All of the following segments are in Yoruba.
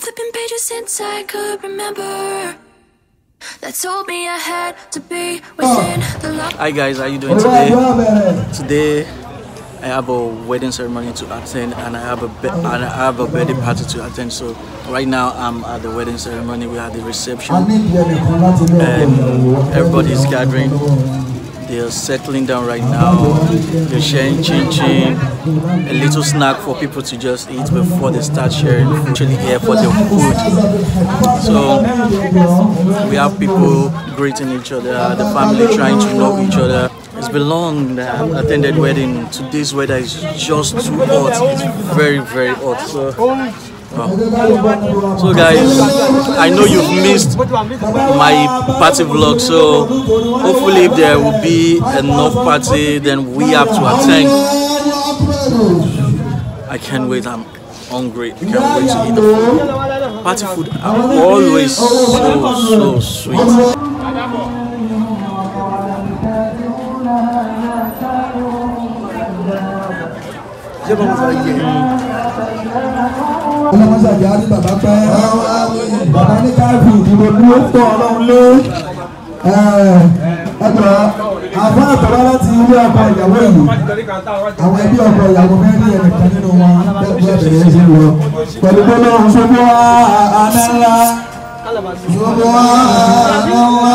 been flipping pages since I could remember. That told me I had to be within oh. the law. Hi guys, how you doing today? Today I have a wedding ceremony to attend and I have a and I have a birthday party to attend. So right now I'm at the wedding ceremony. We had the reception. everybody is gathering. They are settling down right now. They're sharing chin chin, a little snack for people to just eat before they start sharing actually here for their food. So we have people greeting each other, the family trying to love each other. It's been long that I've attended wedding. Today's weather is just too hot. It's very, very hot. So so guys, I know you've missed my party vlog, so hopefully if there will be enough party, then we have to attend. I can't wait, I'm hungry, I can't wait to eat the food. Party food are always so, so sweet. ṣé bàbá sọ bàbá pẹ́ bàbá ní káàfì ìdìbò dúró tọ́ ọlọ́run lé ẹgbẹ́ àwọn àtọ̀rọ̀ láti ilé ọkọ ìyàwó ìlú àwọn ẹbí ọkọ ìyàwó fẹ́ rí ẹnìkan nínú wọn bẹ́ẹ̀ bẹ̀rẹ̀ ṣe lọ pẹ̀lú pé lọ́run ṣubú àdáńlá ṣubú àdáńlá.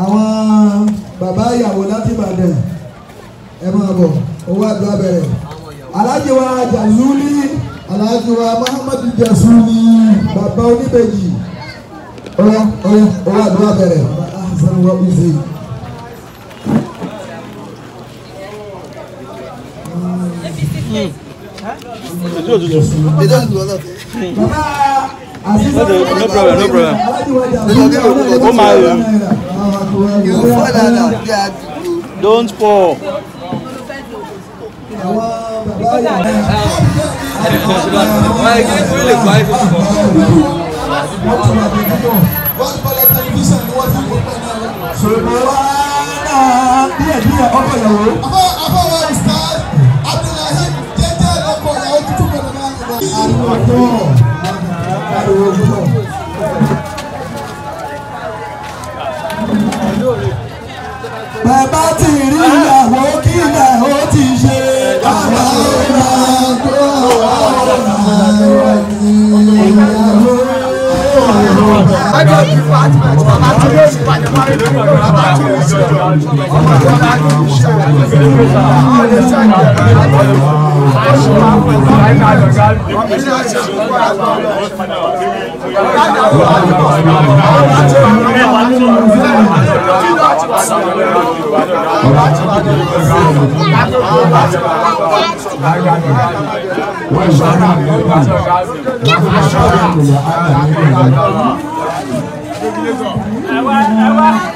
àwọn bàbá ìyàwó láti Ìbàdàn ẹ máa bọ̀ owó àdúrà bẹ̀rẹ̀ aláàjì wa Jazuli aláàjì wa Muhammadu Jazuli bàbá oníbejì ọyọ ọyọ owó àdúrà bẹ̀rẹ̀ bàbá Hasan wa uzi. Bàbá no problem no problem ó máa rè é don't pour. Àbúrò Abdullahi jẹ́jẹ́ ọkọ̀ ìyàwó tuntun pẹ̀lú máa ń lọ pariwo bàbá ti rí ìyàwó kí ìyàwó ti ṣe bàbá ó máa tó àwọn ìyàwó. Ọjọ́ ìfọ̀ àti bàbá tó ń ṣe bàbá tó ń ṣe bàbá tó ń ṣe bàbá tó ń ṣe bàbá tó ń ṣe. Ẹ wá ẹ wá.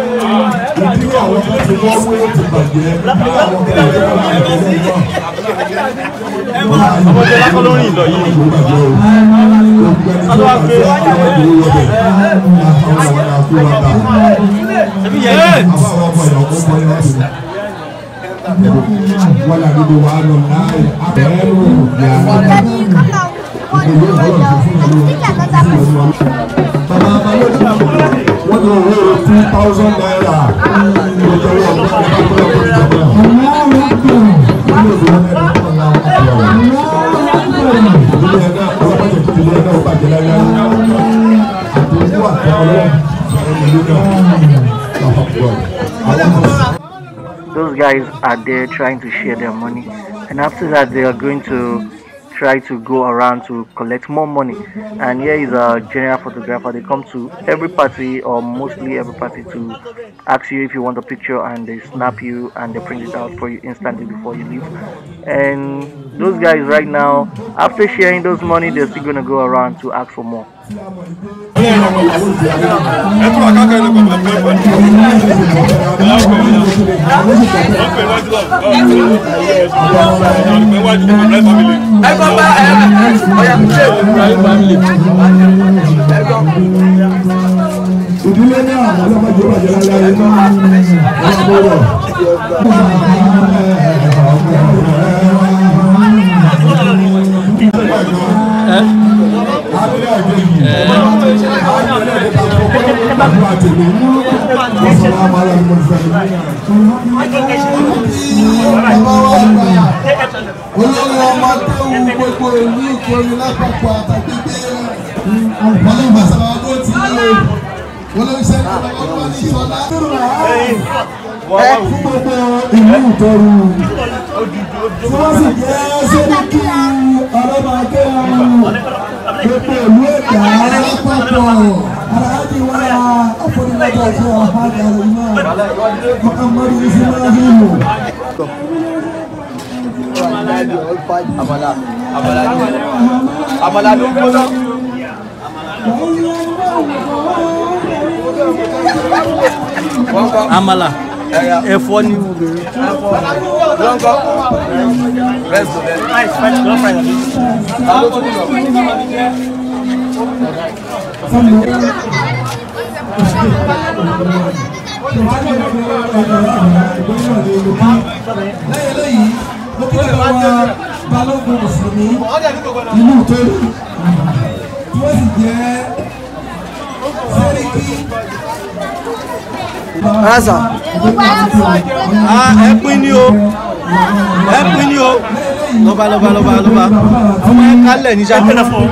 àwọn tó ti wọ́n wé ti bàjẹ́ ní àwọn tó ti wọ́n wé ti bàjẹ́ náà. ọmọdé lákọ́ lórí ìlọ yìí. ọlọ́wà pé ẹbí yẹn. Wala dudu wa alo nai abẹ́rù ya. Ìgbèlú ìgbọ́dọ̀ fún ìlú ìlú ìlú. Bàbá Amalé ti wọ́n lò wọ́n two thousand naira. Those guys are there trying to share their money, and after that, they are going to try to go around to collect more money. And here is a general photographer. They come to every party or mostly every party to ask you if you want a picture, and they snap you and they print it out for you instantly before you leave. And those guys right now, after sharing those money, they're still gonna go around to ask for more. ẹ tún àkàkọ ẹni bàbá pẹ́ pẹ́ ní ẹ bàbá ẹ ọ̀yà kúlẹ̀ ìdílé náà alábàjọ bàjẹ́ láyé náà wọ́n bọ̀rọ̀. ẹ gbàgbọ́ àtẹ̀lé ọ̀sán àwọn alágbèmọ̀ ìfẹ́ olórí ọmọ tẹ́wù gbogbo ìlú ìkọrin lápapọ̀ àtàgbègbè ọ̀pọ̀lọpọ̀ ìgbàsára tó ti lé olóṣèlú ọlọ́pàá ní ìṣọ̀lá ẹkún gbogbo ìlú ìtọ́rù tí wọ́n sì jẹ́ sẹ́ríkì ọlọ́pàá tẹ́wù gbogbo ìlú ẹ̀dá lápapọ̀ alhaji wa afọdun lọjọ ṣe alhaji alayima muhammadu isimahilu. àmàlà àmàlà àmàlà lẹ́yìn ah, mo kí lè wá balógun mùsùlùmí Ẹ pín ní o, ẹ pín ní o lọ́ba lọ́ba lọ́ba lọ́ba ọmọ ẹ kálẹ̀ ní sàkẹ́ náà fún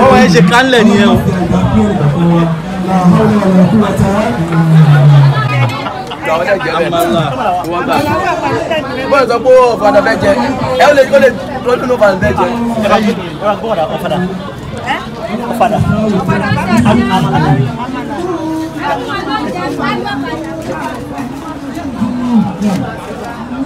ọmọ ẹ ṣe kálẹ̀ nìyẹn o. bọ́ọ̀lù sọ pé ọ̀fadà bẹ́ẹ̀ jẹ ẹ ó lè ó lè lọ́dún ọ̀fadà bẹ́ẹ̀ jẹ. ẹ bá gbọ́dọ̀ ọ̀fadà ọ̀fadà ọ̀fadà.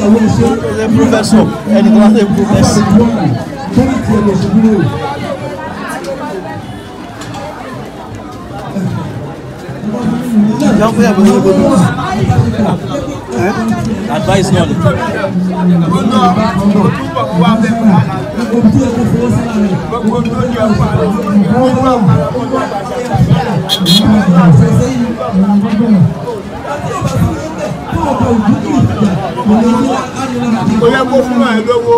ìyàwó ṣe. ṣe púrọfẹsọ ẹni tó wá ṣe púrọfẹsọ. bẹ́ẹ̀ni tí ẹ lọ sí dúró. Don't put Advice not. kò yẹ kó fún ẹ̀ lówó.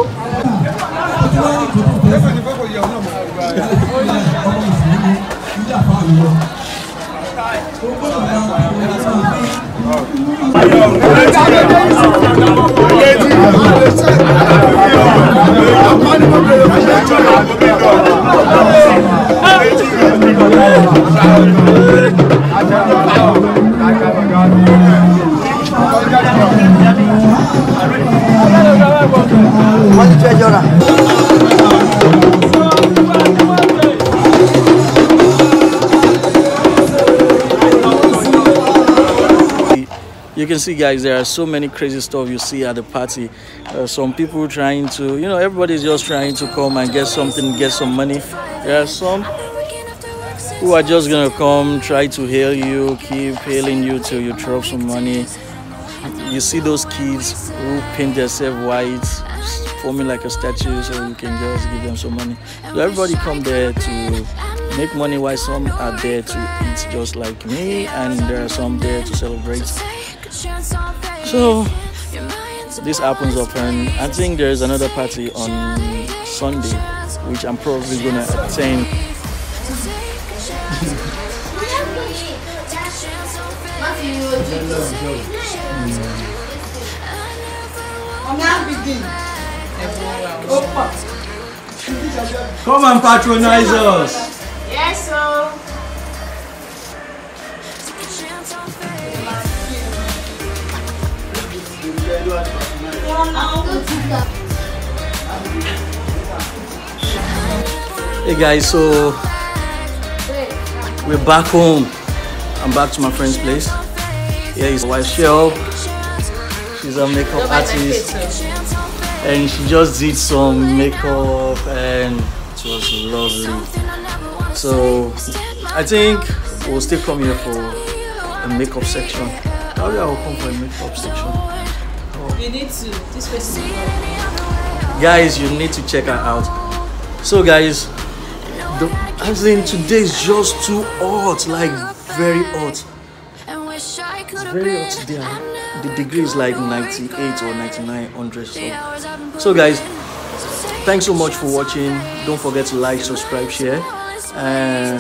can see guys there are so many crazy stuff you see at the party uh, some people trying to you know everybody's just trying to come and get something get some money there are some who are just gonna come try to hail you keep hailing you till you drop some money you see those kids who paint themselves white forming like a statue so you can just give them some money so everybody come there to make money while some are there to eat just like me and there are some there to celebrate so this happens often. I think there's another party on Sunday, which I'm probably gonna attend. Come and patronize us. Yes, sir. Hey guys, so we're back home. I'm back to my friend's place. Here is wife Shell. She's a makeup artist. And she just did some makeup and it was lovely. So I think we'll still come here for a makeup section. Probably I will come for a makeup section. You need to. This person. Guys, you need to check her out. So, guys, the, as in today is just too hot, like very hot. It's very hot today. The degree is like 98 or ninety nine hundred. So, so guys, thanks so much for watching. Don't forget to like, subscribe, share. Uh,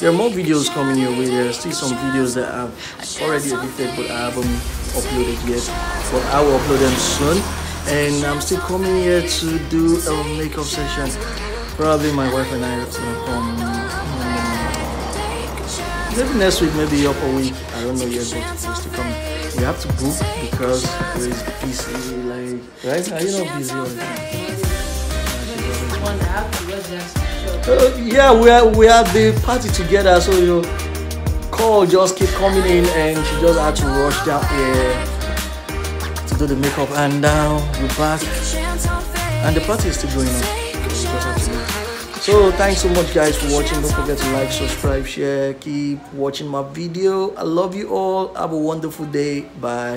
there are more videos coming your way. There are still some videos that I've already edited but I haven't uploaded yet. But I will upload them soon. And I'm still coming here to do a makeup session. Probably my wife and I are to come. Um, maybe next week, maybe up a week. I don't know yet, but to come. You have to book because it's busy. Like, right? Are you not busy uh, yeah, we are we had the party together, so you know, call just keep coming in, and she just had to rush down here to do the makeup, and now we're back, and the party is still going on. So thanks so much, guys, for watching. Don't forget to like, subscribe, share, keep watching my video. I love you all. Have a wonderful day. Bye.